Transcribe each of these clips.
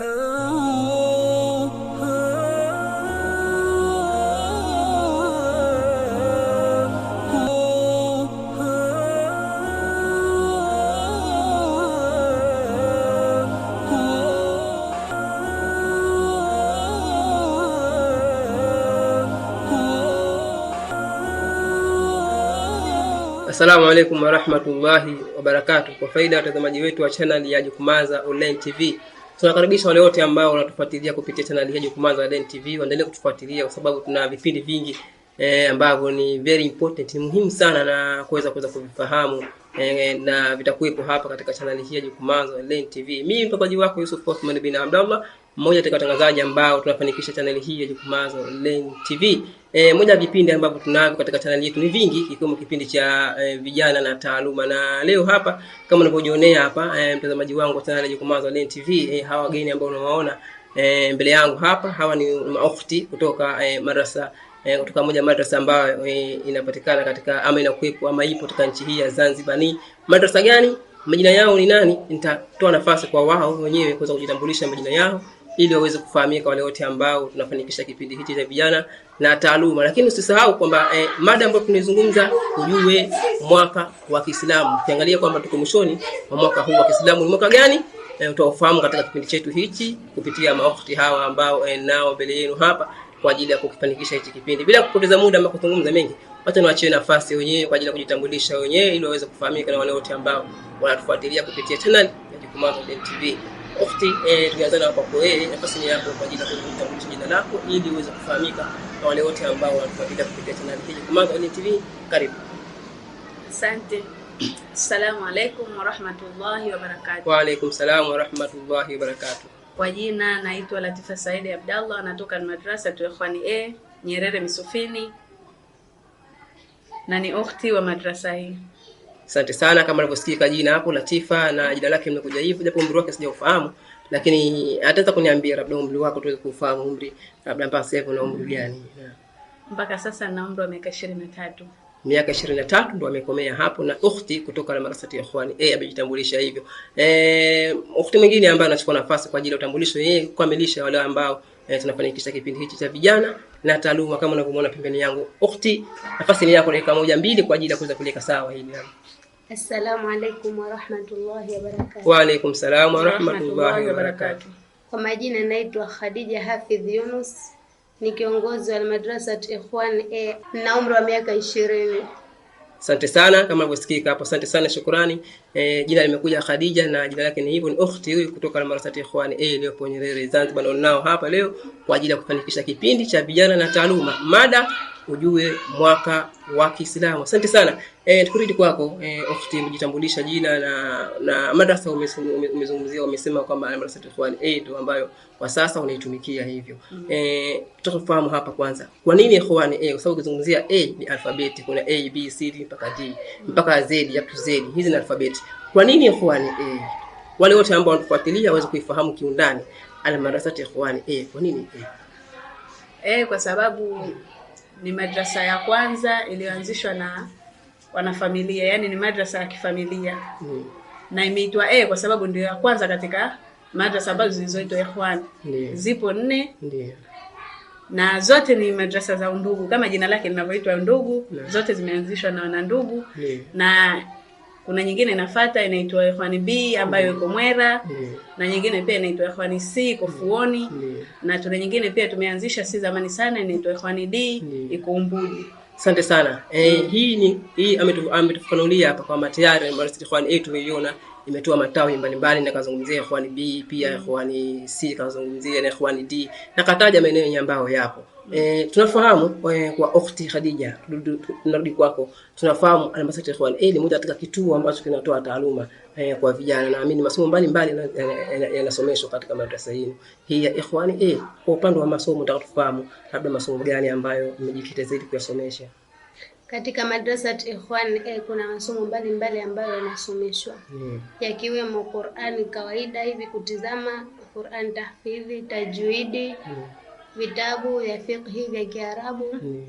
Assalamu alaikum warahmatullahi wabarakatuh. Kwa faida ya watazamaji wetu wa chaneli ya Jukumaza Online TV Tunakaribisha wale wote ambao wanatufuatilia kupitia chaneli hii Jukumaza Aden TV, waendelee kutufuatilia kwa sababu tuna vipindi vingi e, ambavyo ni very important, muhimu sana na kuweza kuweza kuvifahamu e, na vitakuwepo hapa katika chaneli hii ya Jukumaza Aden TV. Mimi mtazamaji wako Yusuf Osman bin Abdallah mmoja katika watangazaji ambao tunafanikisha chaneli hii ya Jukumazo Online TV. E, eh, moja ya vipindi ambavyo tunavyo katika chaneli yetu ni vingi, ikiwemo kipindi cha e, vijana na taaluma, na leo hapa kama unavyojionea hapa e, mtazamaji wangu wa chaneli ya Jukumazo Online TV e, hawa wageni ambao unawaona e, mbele yangu hapa, hawa ni maofti kutoka e, madrasa E, kutoka moja madrasa ambayo e, inapatikana katika ama inakuwepo ama ipo katika nchi hii ya Zanzibar. Ni madrasa gani? Majina yao ni nani? Nitatoa nafasi kwa wao wenyewe kuweza kujitambulisha majina yao ili waweze kufahamika wale wote ambao tunafanikisha kipindi hichi cha vijana na taaluma. Lakini usisahau kwamba eh, mada ambayo tunaizungumza ujue mwaka wa Kiislamu. Ukiangalia kwamba tuko mwishoni wa mwaka huu wa Kiislamu ni mwaka gani? Eh, utaofahamu katika kipindi chetu hichi kupitia mawakati hawa ambao eh, nao mbele yenu hapa kwa ajili ya kukifanikisha hichi kipindi. Bila kupoteza muda ama kuzungumza mengi, wacha niwaachie nafasi wenyewe kwa ajili ya kujitambulisha wenyewe ili waweze kufahamika na wale wote ambao wanatufuatilia kupitia channel ya Jukumaza TV. Ukhti, eh, tukianzana kwa wewe, nafasi ni yako kwa ajili ya kutambulisha jina lako ili uweze kufahamika na wale wote ambao wanatufuatilia kupitia channel hii Kumanga Online TV. Karibu. Asante. Assalamu alaykum wa rahmatullahi wa barakatuh. Wa alaykum salaam wa rahmatullahi wa barakatuh. Kwa jina naitwa Latifa Saidi Abdallah, natoka madrasa tu Ikhwani A Nyerere Misufini na ni ukhti wa madrasa hii. Asante sana, kama nilivyosikika jina hapo Latifa na jina lake limekuja hivyo, japo umri wake sijaufahamu, lakini ataweza kuniambia labda umri wako tuweze kufahamu umri, labda mpaka sasa hivi una umri gani? Mpaka sasa na umri wa miaka 23. Miaka 23 ndo amekomea hapo, na ukhti kutoka na marasati ya khwani eh, amejitambulisha hivyo. Eh, ukhti mwingine ambaye anachukua nafasi kwa ajili ya utambulisho yeye kukamilisha wale ambao eh, tunafanikisha kipindi hichi cha vijana na taaluma, kama unavyomuona pembeni yangu. Ukhti, nafasi ni yako, dakika moja mbili kwa ajili ya kuweza kuleka sawa hili. Assalamu alaykum wa rahmatullahi Wa barakatuh. Wa alaykum salam wa rahmatullahi wa barakatuh. Kwa majina naitwa Khadija Hafidh Yunus ni kiongozi wa Almadrasat Ikhwan A na umri wa miaka 20. Asante sana kama unavyosikika hapo, asante sana shukrani. E, jina limekuja Khadija na jina lake ni hivyo, ni ukhti huyu kutoka Almadrasat Ikhwan A iliyopo Nyerere Zanzibar, nao hapa leo kwa ajili ya kufanikisha kipindi cha vijana na taaluma mada ujue mwaka wa Kiislamu. Asante sana. E, tukurudi kwako e, eh, Ukhti, mjitambulisha jina na na madrasa umezungumzia, umesema kwamba madrasa Ikhwan Aid ndio ambayo kwa sasa unaitumikia hivyo. mm -hmm. E, eh, tutafahamu hapa kwanza kwa nini Ikhwani Aid, kwa sababu ukizungumzia A ni alfabeti, kuna A B C D mpaka D mm-hmm. mpaka Z ya Z, hizi ni alfabeti. Kwa nini Ikhwani Aid? Wale wote ambao wanatufuatilia waweze kuifahamu kiundani al madrasa Ikhwan Aid. Kwa nini A? Eh, kwa sababu ni madrasa ya kwanza iliyoanzishwa na wanafamilia, yani ni madrasa ya kifamilia mm. na imeitwa e kwa sababu ndio ya kwanza katika madrasa ambazo zilizoitwa Ikhwan. Zipo nne na zote ni madrasa za undugu kama jina lake linavyoitwa undugu zote zimeanzishwa na wanandugu na kuna nyingine inafata inaitwa Ikhwani B ambayo iko Mwera mm. na nyingine pia inaitwa Ikhwani C iko Fuoni mm. na tuna nyingine pia tumeanzisha si zamani sana inaitwa Ikhwani D mm. iko Umbuji. Asante sana e, mm. hii ni hii ametufafanulia hapa kwamba tayari Ikhwani A tumeiona imetoa matawi mbalimbali na kazungumzia B pia Ikhwani C kazungumzia na Ikhwani D na kataja maeneo ambayo yapo E, tunafahamu e, kwa ukhti Khadija, narudi kwako, tunafahamu Almasjid Ikhwan ni moja katika kituo ambacho kinatoa taaluma e, kwa vijana. Naamini masomo mbalimbali yanasomeshwa katika madrasa hii hii ya Ikhwan. E, kwa upande wa masomo nataka tufahamu labda masomo gani ambayo mmejikita zaidi kuyasomesha katika madrasa Ikhwan? E, kuna masomo mbalimbali ambayo yanasomeshwa hmm, yakiwemo Qur'ani kawaida hivi kutizama Qur'an, tahfidhi, tajwidi hmm vitabu vya fiqhi vya Kiarabu hmm.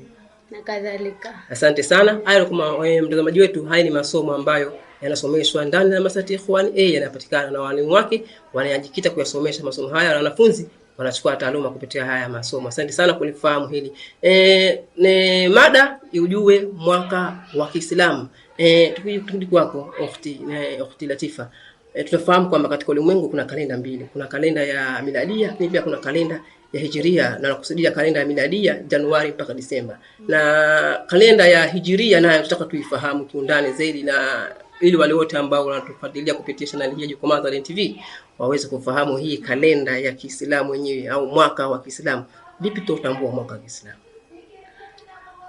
na kadhalika. Asante sana. Hayo kwa eh, mtazamaji wetu, haya ni masomo ambayo yanasomeshwa ndani ya Masati Ikhwan A eh, yanapatikana na walimu wake wanayajikita kuyasomesha masomo haya na wanafunzi wanachukua taaluma kupitia haya masomo. Asante sana kulifahamu hili. E, ne, mada ujue mwaka wa Kiislamu. E, tukirudi kwako ukhti, e, ukhti Latifa. E, tunafahamu kwamba katika ulimwengu kuna kalenda mbili, kuna kalenda ya miladia, lakini pia kuna kalenda ya hijiria na nakusudia kalenda ya miladia Januari mpaka Disemba. Na kalenda ya hijiria nayo tutaka tuifahamu kiundani zaidi, na ili wale wote ambao wanatufuatilia kupitia chaneli hii ya Jukwaa Zalent TV waweze kufahamu hii kalenda ya Kiislamu yenyewe au mwaka wa Kiislamu, vipi tutambua mwaka wa Kiislamu.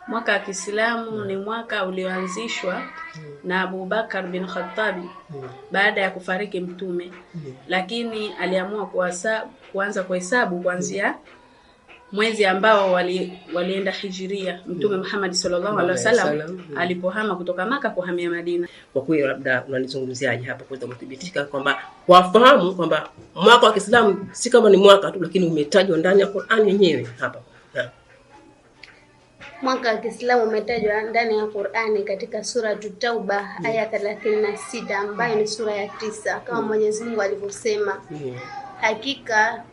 Mwaka wa Kiislamu ni mwaka ulioanzishwa na Abubakar bin Khattabi baada ya kufariki Mtume, lakini aliamua kuasa, kuanza kuhesabu kuanzia mwezi ambao wali, walienda hijiria Mtume Muhammad sallallahu alaihi wasallam alipohama kutoka Maka kuhamia Madina. Kwa kweli, labda unanizungumziaje hapa kuweza kuthibitika kwamba wafahamu kwamba mwaka wa Kiislamu si kama ni mwaka tu, lakini umetajwa ndani ya qurani yenyewe hapa Mwaka wa Kiislamu umetajwa ndani ya Qur'ani katika sura Tauba mm. aya 36 na sita ambayo ni sura ya tisa kama mm. Mwenyezi Mungu alivyosema, mm. hakika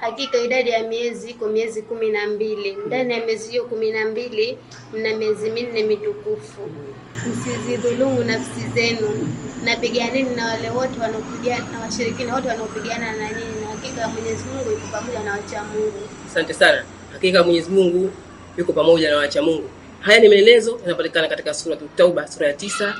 hakika idadi ya miezi iko miezi kumi na mbili. Ndani ya miezi hiyo kumi na mbili mna miezi minne mitukufu. Msizidhulumu nafsi zenu, napiganeni na wale wote wanaopigana na washirikina wote wanaopigana na nyinyi, na hakika Mwenyezi Mungu yuko pamoja na wacha Mungu. Asante sana. Hakika Mwenyezi Mungu yuko pamoja na wacha Mungu. Haya ni maelezo yanapatikana katika sura Tauba sura ya tisa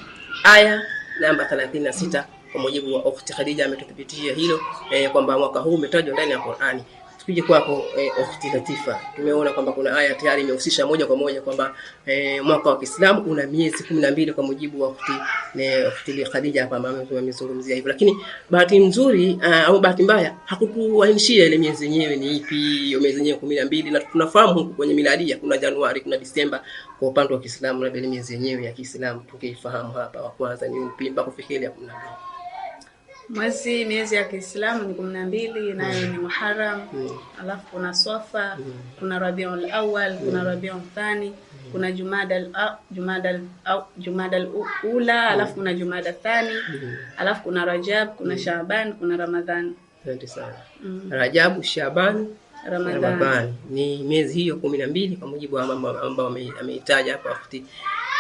aya namba 36 kwa mujibu wa Ukhti Khadija ametupitia hilo eh, kwamba mwaka huu umetajwa ndani ya Qur'ani. Tukije kwako eh, Ukhti Latifa, tumeona kwamba kuna aya tayari imehusisha moja kwa moja kwamba eh, mwaka wa Kiislamu una miezi kumi na mbili kwa mujibu wa Ukhti eh, Ukhti Khadija hapa mama amezungumzia hivyo, lakini bahati nzuri uh, au bahati mbaya hakutuainishia ile miezi yenyewe ni ipi, hiyo miezi yenyewe kumi na mbili na tunafahamu huku kwenye miladia kuna Januari, kuna Disemba kwa upande wa Kiislamu, na ile miezi yenyewe ya Kiislamu tukeifahamu hapa, wa kwanza ni upi mpaka kufikia kumi na mbili. Mwezi miezi ya Kiislamu ni kumi na mbili nayo ni Muharram, mm. alafu kuna Swafa, mm. kuna Rabiul Awal, kuna mm. Rabiul Thani, kuna Jumada Jumada Jumada Ula, alafu kuna Jumada Thani, alafu kuna Rajab, kuna Shaaban, kuna Ramadhan. Asante sana. Rajabu, Shaaban, Ramadhan ni miezi hiyo kumi na mbili kwa mujibu ambao ameitaja hapa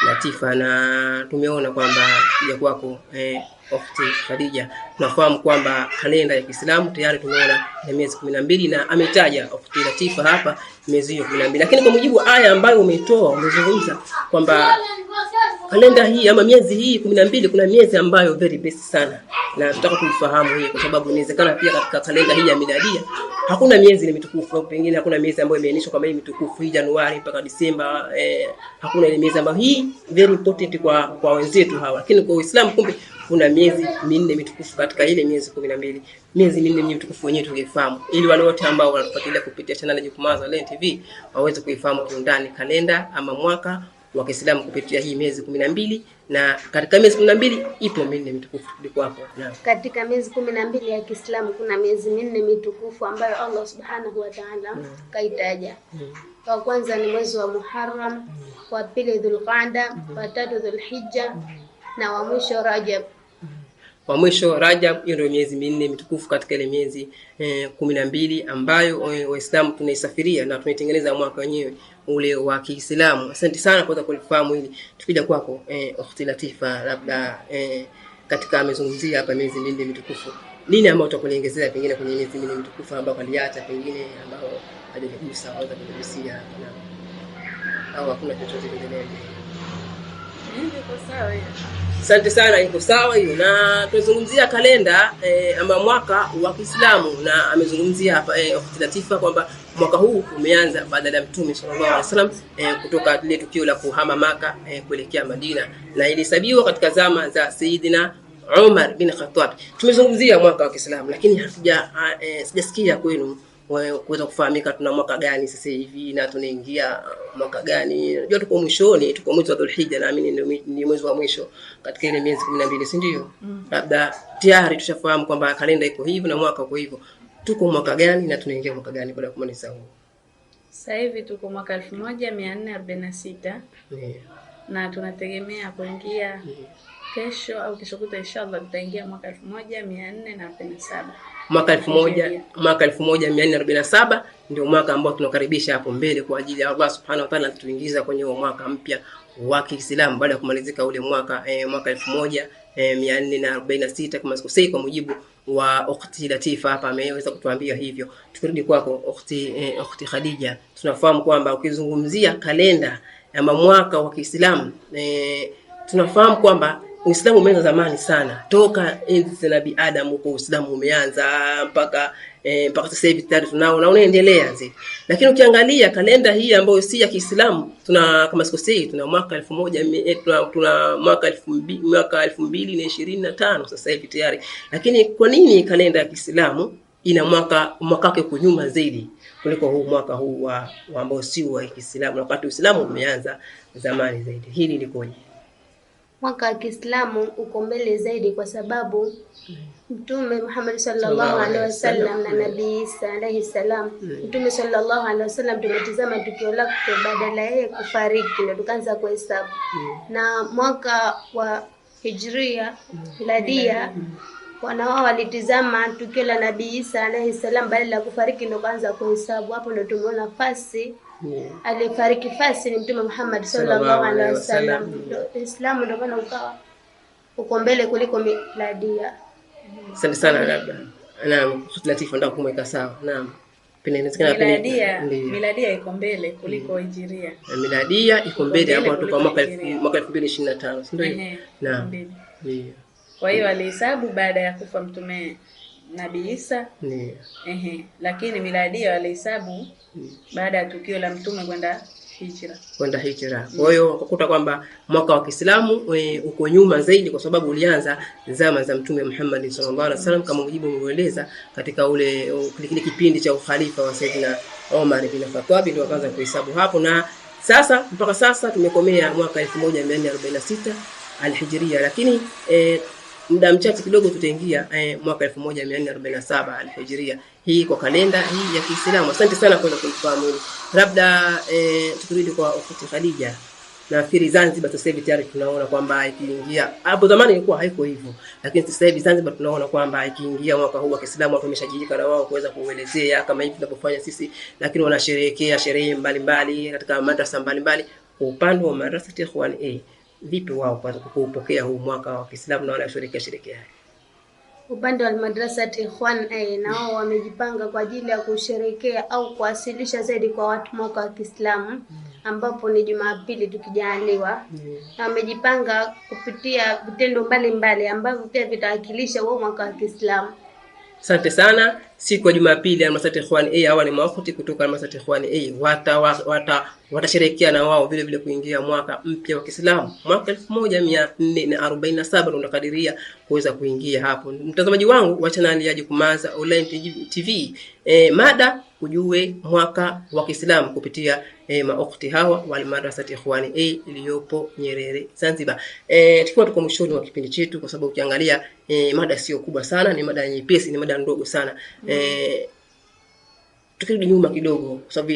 Latifa, na tumeona kwamba kuja kwako eh, Ofti Khadija, tunafahamu kwamba kalenda ya Kiislamu tayari tumeona na miezi kumi na mbili na ametaja Ofti Latifa hapa miezi hiyo kumi na mbili, lakini kwa mujibu wa aya ambayo umetoa umezungumza kwamba kalenda hii ama miezi hii kumi na mbili kuna miezi ambayo very best sana, na tutaka kuifahamu hii, kwa sababu inawezekana pia katika kalenda hii ya miladia hakuna miezi ni mitukufu, au pengine hakuna miezi ambayo imeainishwa kama hii mitukufu, hii Januari mpaka Disemba eh, hakuna ile miezi ambayo hii very important kwa kwa wenzetu hawa, lakini kwa Uislamu kumbe kuna miezi minne mitukufu katika ile miezi kumi na mbili miezi minne mitukufu wenyewe tungefahamu, ili wale wote ambao wanatufuatilia kupitia channel ya Jukumaza Online TV waweze kuifahamu kiundani kalenda ama mwaka wa Kiislamu kupitia hii miezi kumi na mbili na katika miezi kumi na mbili ipo minne mitukufu tulikuwapo. hapo. katika miezi kumi na mbili ya Kiislamu kuna miezi minne mitukufu ambayo Allah subhanahu wa taala mm. kaitaja mm. wa kwanza ni mwezi wa Muharram, mm. wa pili Dhulqaada, mm. wa tatu Dhulhijja mm. na wa mwisho Rajab wa mwisho Rajab. Hiyo ndio miezi minne mitukufu katika ile miezi e, kumi na mbili ambayo eh, Waislamu tunaisafiria na tunaitengeneza mwaka wenyewe ule wa Kiislamu. Asante sana kwa kulifahamu hili. Tukija kwako e, ukhti Latifa, labda e, katika amezungumzia hapa miezi minne mitukufu, nini ambayo utakuliongezea pengine kwenye miezi minne mitukufu ambayo kaliacha pengine ambao hajagusa au kugusia au hakuna chochote kingine? Asante sana, iko sawa hiyo. Na tumezungumzia kalenda eh, ama mwaka wa Kiislamu, na amezungumzia hapa eh, Latifa kwamba mwaka huu umeanza baada ya Mtume sallallahu alaihi wasallam eh, kutoka lile tukio la kuhama Maka eh, kuelekea Madina, na ilihesabiwa katika zama za Saidina Umar bin Khattab. Tumezungumzia mwaka wa Kiislamu, lakini hatuja eh, sijasikia kwenu kuweza kufahamika tuna mwaka gani sasa hivi na tunaingia mwaka gani. Unajua tuko mwishoni, tuko mwezi wa dhulhija naamini ni mwezi wa mwisho katika ile miezi kumi na mbili, si ndio? Mm. Labda mm. tayari tushafahamu kwamba kalenda iko hivi na mwaka uko hivyo. Tuko mwaka gani na tunaingia mwaka gani baada ya kumaliza huu? Sasa hivi tuko mwaka elfu moja mia nne arobaini na sita yeah. na tunategemea kuingia yeah. kesho au kesho kuta, inshallah tutaingia mwaka elfu moja mia nne na arobaini na saba mwaka elfu moja mwaka elfu moja mia nne arobaini na saba ndio mwaka ambao tunakaribisha hapo mbele kwa ajili ya Allah subhanahu wa ta'ala kutuingiza kwenye huo mwaka mpya wa Kiislamu baada ya kumalizika ule mwaka eh, mwaka elfu moja eh, mia nne na arobaini na sita kama sikosei, kwa mujibu wa ukhti Latifa hapa ameweza kutuambia hivyo. Tukirudi kwako ukhti, eh, ukhti Khadija, tunafahamu kwamba ukizungumzia kalenda ama mwaka wa Kiislamu eh, tunafahamu kwamba Uislamu umeanza zamani sana, toka enzi za Nabii Adam huko Uislamu umeanza mpaka e, mpaka sasa hivi tayari tunao na unaendelea zile. Lakini ukiangalia kalenda hii ambayo si ya Kiislamu, tuna kama sikosei, tuna mwaka elfu moja eh, tuna, tuna mwaka elfu mbili mwaka elfu mbili na ishirini na tano sasa hivi tayari. Lakini kwa nini kalenda ya Kiislamu ina mwaka mwaka wake kunyuma zaidi kuliko huu mwaka huu wa ambao si wa Kiislamu, wakati Uislamu umeanza zamani zaidi? Hili likoje? Mwaka wa Kiislamu uko mbele zaidi kwa sababu Mtume Muhammad sallallahu alaihi wasallam na Nabii Isa alaihi salam. Hmm. Mtume sallallahu alaihi wasallam tumetizama tukio lake badala yeye kufariki, ndio tukaanza kuhesabu hmm. na mwaka wa hijria hmm. miladia wana wao walitizama tukio la Nabii Isa alaihi salam, badala ya kufariki ndio kuanza kuhesabu. Hapo ndio tumeona nafasi yeah. alifariki fasi ni Mtume Muhammad sallallahu alaihi wasallam. Uislamu ndio maana ukawa uko mbele kuliko miladia. Asante sana, labda naam, latifu ndio kumweka sawa. Naam, miladia iko mbele kuliko hijiria, miladia iko mbele hapo kutoka mwaka 2025, si ndio? Naam, kwa hiyo alihesabu baada ya kufa Mtume Nabii Isa Ehe, lakini miladia walihesabu hmm. baada ya tukio la mtume kwenda hijra, kwenda hijra. Hmm. Kwa hiyo ukakuta kwamba mwaka wa Kiislamu uko nyuma zaidi, kwa sababu ulianza zama za Mtume Muhammad sallallahu alaihi wasallam, kama mujibu umeeleza katika ule kile kipindi cha ukhalifa wa Saidina Omar bin Khattab, ndio wakaanza kuhesabu hapo, na sasa mpaka sasa tumekomea mwaka 1446 alhijiria, lakini eh, muda mchache kidogo tutaingia eh, mwaka 1447 alhijria hii kwa kalenda hii ya Kiislamu. Asante sana kwa kunifahamu. Labda eh, tukirudi kwa ufuti Khadija na nafikiri Zanzibar sasa hivi tayari tunaona kwamba ikiingia, hapo zamani ilikuwa haiko hivyo, lakini sasa hivi Zanzibar tunaona kwamba ikiingia mwaka huu wa Kiislamu watu wameshajijika na wao kuweza kuelezea kama hivi tunavyofanya sisi, lakini wanasherehekea sherehe mbalimbali katika madrasa mbalimbali kwa upande wa madrasa Ikhwan A eh, vipi wao kuupokea huu mwaka wa Kiislamu na wanashirikia shiriki haya? Upande wa Almadrasati Ikhwan A eh, nao wamejipanga kwa ajili ya kusherekea au kuwasilisha zaidi kwa watu mwaka wa Kiislamu mm. ambapo ni Jumapili tukijaliwa, mm. na wamejipanga kupitia vitendo mbalimbali ambavyo pia vitawakilisha huo mwaka wa Kiislamu sante sana. Siku ya Jumapili Almasati Ikhwani A hawa ni mawafuti kutoka Almasati Ikhwani A wata wata, watasherekea na wao vile vile kuingia mwaka mpya wa Kiislamu mwaka 1447 unakadiria kuweza kuingia hapo. Mtazamaji wangu wa chaneli ya Jukumaza Online TV, eh, mada ujue mwaka wa Kiislamu kupitia e, eh, maokti hawa walmadrasati ikhwani a eh, iliyopo Nyerere Zanzibar. eh, tukiwa tuko mwishoni wa kipindi chetu, kwa sababu ukiangalia e, mada sio kubwa sana, ni mada nyepesi, ni mada ndogo sana eh, tukirudi nyuma kidogo, kwa sababu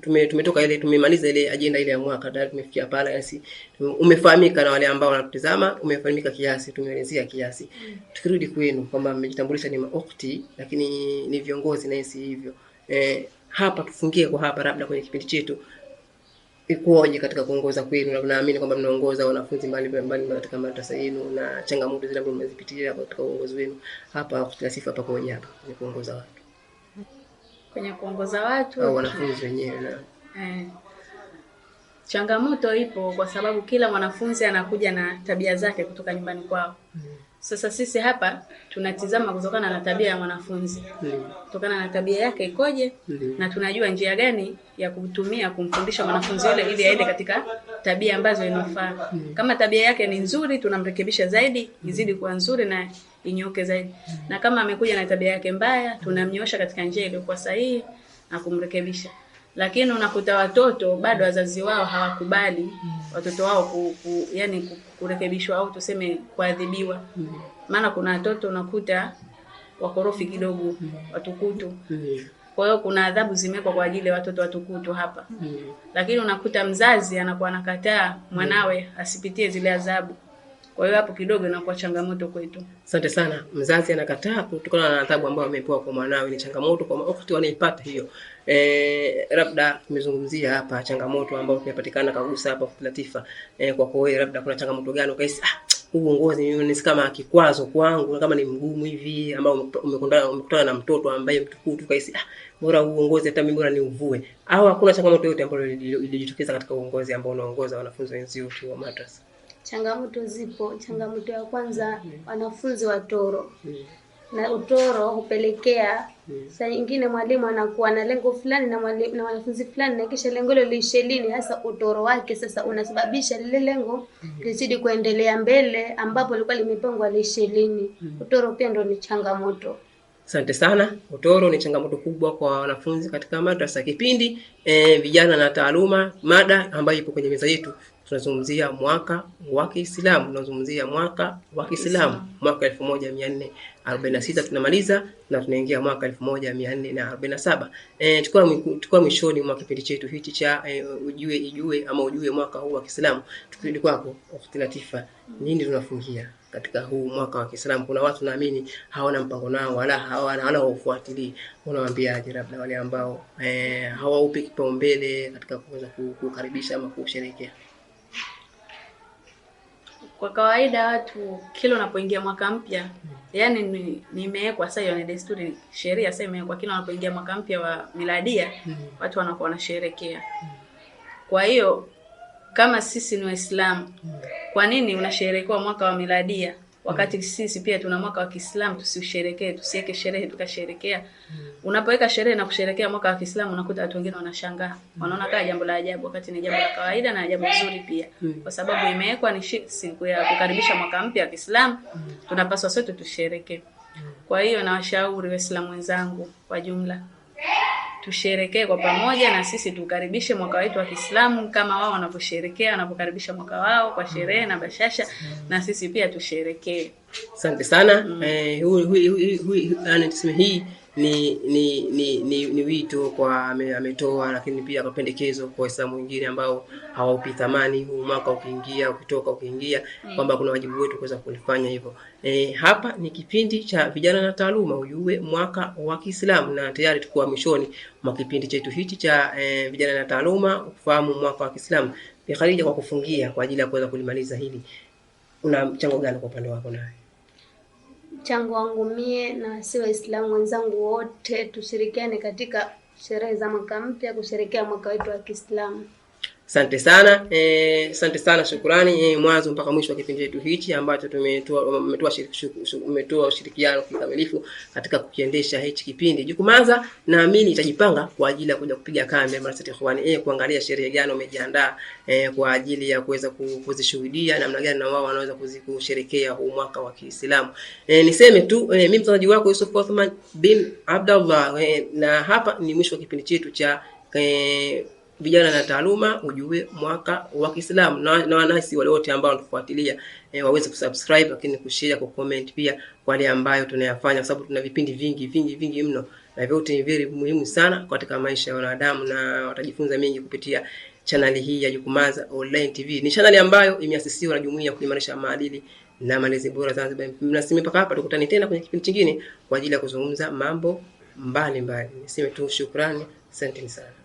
tume, tumetoka ile tumemaliza ile ajenda ile ya mwaka tayari tumefikia pala, yasi umefahamika na wale ambao wanatutazama, umefahamika kiasi, tumeelezea kiasi. mm. Tukirudi kwenu kwamba mmejitambulisha ni maokti, lakini ni viongozi na hivyo eh, hapa tufungie kwa hapa, labda kwenye kipindi chetu ikuoje katika kuongoza kwenu. Naamini kwamba mnaongoza wanafunzi mbalimbali katika madrasa yenu na changamoto zile ambazo mmezipitia katika uongozi wenu. Hapa kila sifa hapa kwa hapa kwenye kuongoza watu, kwenye kuongoza watu au wanafunzi wenyewe na eh Changamoto ipo kwa sababu kila mwanafunzi anakuja na tabia zake kutoka nyumbani kwao. Sasa sisi hapa tunatizama kutokana na tabia ya mwanafunzi, kutokana na tabia yake ikoje, na tunajua njia gani ya kutumia kumfundisha mwanafunzi yule ili aende katika tabia ambazo inafaa. Kama tabia yake ni nzuri, tunamrekebisha zaidi izidi kuwa nzuri na inyoke zaidi, na kama amekuja na tabia yake mbaya, tunamnyoosha katika njia iliyokuwa sahihi na kumrekebisha lakini unakuta watoto bado wazazi wao hawakubali mm. watoto wao ku, ku, yani kurekebishwa au tuseme kuadhibiwa mm. maana kuna watoto unakuta wakorofi kidogo mm. watukutu kwa hiyo kuna adhabu zimewekwa kwa ajili ya watoto watukutu hapa lakini unakuta mzazi anakuwa anakataa mwanawe asipitie zile adhabu kwa hiyo hapo kidogo inakuwa changamoto kwetu. Asante sana. Mzazi anakataa kutokana na adhabu ambayo amepewa kwa mwanawe, ni changamoto kwa wakati wanaipata hiyo. Eh, labda tumezungumzia hapa changamoto ambayo tunapatikana kagusa hapa kwa Latifa. Eh, kwa kweli labda kuna changamoto gani ukaisi ah, huu uongozi ni kama kikwazo kwangu, kama ni mgumu hivi ambao umekutana umekutana na mtoto ambaye mtukutu kaisi ah, bora huu uongozi hata mimi bora ni uvue. Au hakuna changamoto yote ambayo ilijitokeza katika uongozi ambao unaongoza wanafunzi wenzio wa madrasa? Changamoto zipo. Mm. Changamoto ya kwanza, mm. wanafunzi watoro mm. na utoro hupelekea saa nyingine mwalimu anakuwa na lengo fulani na mwalimu na wanafunzi fulani, na kisha lengo hilo liishe lini? Hasa utoro wake sasa unasababisha lile lengo lizidi kuendelea mbele, ambapo lilikuwa limepangwa liishe lini. Utoro pia ndo ni changamoto. Asante sana. Utoro ni changamoto kubwa kwa wanafunzi katika madrasa ya kipindi e, vijana na taaluma, mada ambayo ipo kwenye meza yetu tunazungumzia mwaka wa Kiislamu, tunazungumzia mwaka wa Kiislamu, mwaka 1446 tunamaliza na tunaingia mwaka 1447. Eh, tukiwa mwishoni mwa kipindi chetu hichi cha e, ujue ijue ama ujue mwaka huu wa Kiislamu, tukirudi kwako Ukhti Latifa, nini tunafungia katika huu mwaka wa Kiislamu? Kuna watu naamini hawana mpango nao wala hawana wala ufuatilii, unawaambiaje labda wale ambao e, hawaupi kipaumbele katika kuweza kukaribisha ama kusherehekea kwa kawaida watu kila unapoingia mwaka mpya, yani nimewekwa ni hiyo desturi, sheria sa imewekwa kila unapoingia mwaka mpya wa miladia mm watu wanakuwa wanasheherekea Kwa hiyo kama sisi ni Waislamu, kwa nini unasheherekewa mwaka wa miladia wakati mm. sisi pia tuna mwaka wa Kiislamu, tusiusherekee, tusiweke sherehe tukasherekea. Mm. Unapoweka sherehe na kusherekea mwaka wa Kiislamu, unakuta watu wengine wanashangaa, wanaona kaa jambo la ajabu, wakati ni jambo la kawaida na ajabu nzuri pia, mm. kwa sababu imewekwa ni siku ya kukaribisha mwaka mpya wa Kiislamu, tunapaswa sote tusherekee. Kwa hiyo nawashauri Waislamu wenzangu kwa jumla Tusherekee kwa pamoja na sisi tukaribishe mwaka wetu wa Kiislamu kama wao wanavyosherekea wanapokaribisha mwaka wao kwa sherehe na bashasha, na sisi pia tusherekee. Asante sana. Mm. Eh, hu, hu, hu, hu, hu, hu, hu, hu, ni ni ni, ni, ni wito kwa ametoa, lakini pia mapendekezo kwa Waislamu wengine ambao hawaupi thamani huu mwaka ukiingia, ukitoka, ukiingia mm. kwamba kuna wajibu wetu kuweza kulifanya hivyo. E, hapa ni kipindi cha vijana na taaluma, ujue mwaka wa Kiislamu, na tayari tukuwa mwishoni mwa kipindi chetu hichi cha e, vijana na taaluma, ufahamu mwaka wa Kiislamu. Bi kwa kufungia, kwa ajili ya kuweza kulimaliza hili, una mchango gani kwa upande wako naye? mchango wangu mie na si Waislamu wenzangu wote tushirikiane katika sherehe za mwaka mpya, kusherekea mwaka wetu wa Kiislamu. Asante sana eh, asante eh, sana shukrani eh, mwanzo mpaka mwisho wa kipindi chetu hichi ambacho tumetoa umetoa ushirikiano kikamilifu katika kukiendesha hichi kipindi. Jukumaza naamini itajipanga kwa ajili ya kuja kupiga kambi Madrasat Ikhwani eh, kuangalia sheria gani umejiandaa eh, kwa ajili ya kuweza kuzishuhudia namna gani na wao wanaweza kusherekea huu mwaka wa Kiislamu. Eh, niseme tu eh, mimi mtazaji wako Yusuf Othman bin Abdallah eh, na hapa ni mwisho wa kipindi chetu cha eh, vijana na taaluma ujue mwaka wa Kiislamu, na, na wanasi wale wote ambao wanatufuatilia e, waweze kusubscribe, lakini kushare, kwa comment pia wale ambao tunayafanya, kwa sababu tuna vipindi vingi vingi vingi mno, na vyote ni very muhimu sana katika maisha ya wanadamu, na watajifunza mengi kupitia chaneli hii ya Jukumaza Online TV. Ni chaneli ambayo imeasisiwa na Jumuiya ya kuimarisha maadili na malezi bora Zanzibar. Mnasimi, hapa tukutane tena kwenye kipindi kingine kwa ajili ya kuzungumza mambo mbalimbali. Niseme tu shukrani, asanteni sana.